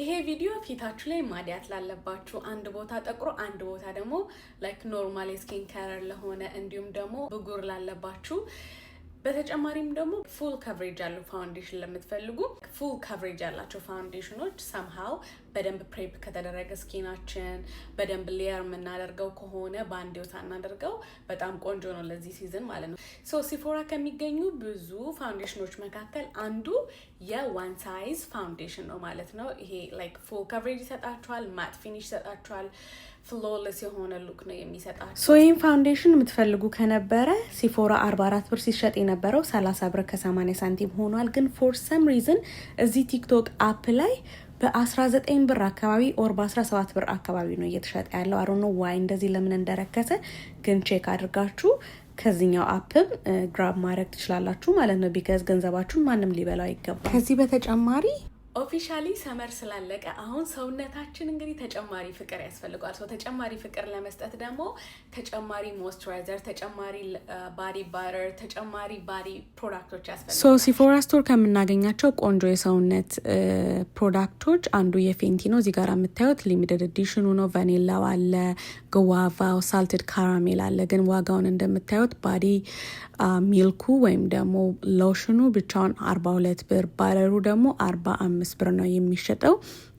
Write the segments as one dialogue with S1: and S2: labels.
S1: ይሄ ቪዲዮ ፊታችሁ ላይ ማዲያት ላለባችሁ አንድ ቦታ ጠቁሮ አንድ ቦታ ደግሞ ላይክ ኖርማል የስኪን ከለር ለሆነ እንዲሁም ደግሞ ብጉር ላለባችሁ በተጨማሪም ደግሞ ፉል ካቨሬጅ ያለው ፋውንዴሽን ለምትፈልጉ ፉል ካቨሬጅ ያላቸው ፋውንዴሽኖች ሰምሃው በደንብ ፕሬፕ ከተደረገ ስኪናችን በደንብ ሌየር የምናደርገው ከሆነ በአንድ ወታ እናደርገው በጣም ቆንጆ ነው ለዚህ ሲዝን ማለት ነው። ሶ ሲፎራ ከሚገኙ ብዙ ፋውንዴሽኖች መካከል አንዱ የዋን ሳይዝ ፋውንዴሽን ነው ማለት ነው። ይሄ ላይክ ፉል ካቨሬጅ ይሰጣችኋል፣ ማት ፊኒሽ ይሰጣችኋል። ፍሎለስ የሆነ ሉክ ነው የሚሰጣል።
S2: ሶ ፋውንዴሽን የምትፈልጉ ከነበረ ሲፎራ 44 ብር ሲሸጥ የነበረው 30 ብር ከ80 ሳንቲም ሆኗል። ግን ፎር ሰም ሪዝን እዚህ ቲክቶክ አፕ ላይ በ19 ብር አካባቢ ኦር በ17 ብር አካባቢ ነው እየተሸጠ ያለው። አሮ ነው ዋይ እንደዚህ ለምን እንደረከሰ ግን ቼክ አድርጋችሁ ከዚኛው አፕም ግራብ uh, ማድረግ ትችላላችሁ ማለት ነው። ቢከዝ ገንዘባችሁን ማንም ሊበላው ይገባል።
S1: ከዚህ በተጨማሪ ኦፊሻሊ ሰመር ስላለቀ አሁን ሰውነታችን እንግዲህ ተጨማሪ ፍቅር ያስፈልገዋል። ሰው ተጨማሪ ፍቅር ለመስጠት ደግሞ ተጨማሪ ሞይስቸራይዘር፣ ተጨማሪ ባዲ uh, ባተር፣ ተጨማሪ ባዲ ፕሮዳክቶች ያስፈልጋል።
S2: ሲፎራ ስቶር ከምናገኛቸው ቆንጆ የሰውነት ፕሮዳክቶች uh, አንዱ የፌንቲ ነው። እዚህ ጋር የምታዩት ሊሚትድ ኤዲሽኑ ነው። ቫኒላው አለ፣ ግዋቫው፣ ሳልትድ ካራሜል አለ። ግን ዋጋውን እንደምታዩት ባዲ ሚልኩ uh, ወይም ደግሞ ሎሽኑ ብቻውን አርባ ሁለት ብር ባረሩ ደግሞ አርባ አምስት አምስት ብር ነው የሚሸጠው።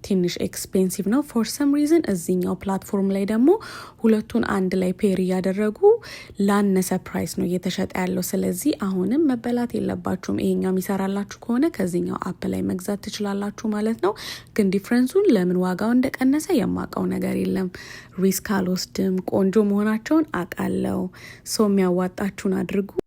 S2: ትንሽ ኤክስፔንሲቭ ነው ፎር ሰም ሪዝን። እዚኛው ፕላትፎርም ላይ ደግሞ ሁለቱን አንድ ላይ ፔር እያደረጉ ላነሰ ፕራይስ ነው እየተሸጠ ያለው። ስለዚህ አሁንም መበላት የለባችሁም። ይሄኛው የሚሰራላችሁ ከሆነ ከዚኛው አፕ ላይ መግዛት ትችላላችሁ ማለት ነው። ግን ዲፍረንሱን ለምን ዋጋው እንደቀነሰ የማውቀው ነገር የለም። ሪስክ አልወስድም። ቆንጆ መሆናቸውን አውቃለሁ። ሰው የሚያዋጣችሁን አድርጉ።